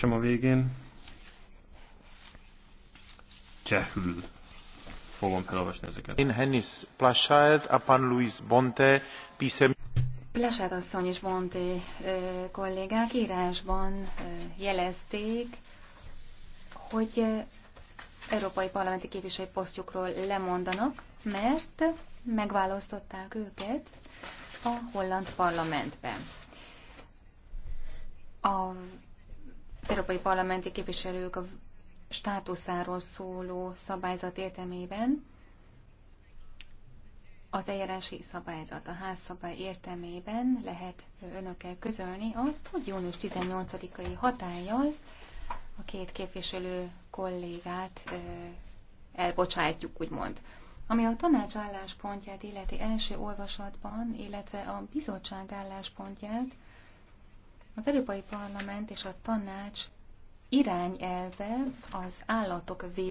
sem a végén. Csehül fogom felolvasni ezeket. In Hennis Plashard, apan Luis Bonte, pisem... Plashard asszony és Bonte kollégák írásban jelezték, hogy európai parlamenti képviselői posztjukról lemondanak, mert megválasztották őket a holland parlamentben. A európai parlamenti képviselők a státuszáról szóló szabályzat értelmében, az eljárási szabályzat, a házszabály értelmében lehet önökkel közölni azt, hogy június 18-ai hatállyal a két képviselő kollégát elbocsátjuk, úgymond. Ami a tanács álláspontját illeti első olvasatban, illetve a bizottság álláspontját, az Európai Parlament és a Tanács irányelve az állatok védelmére,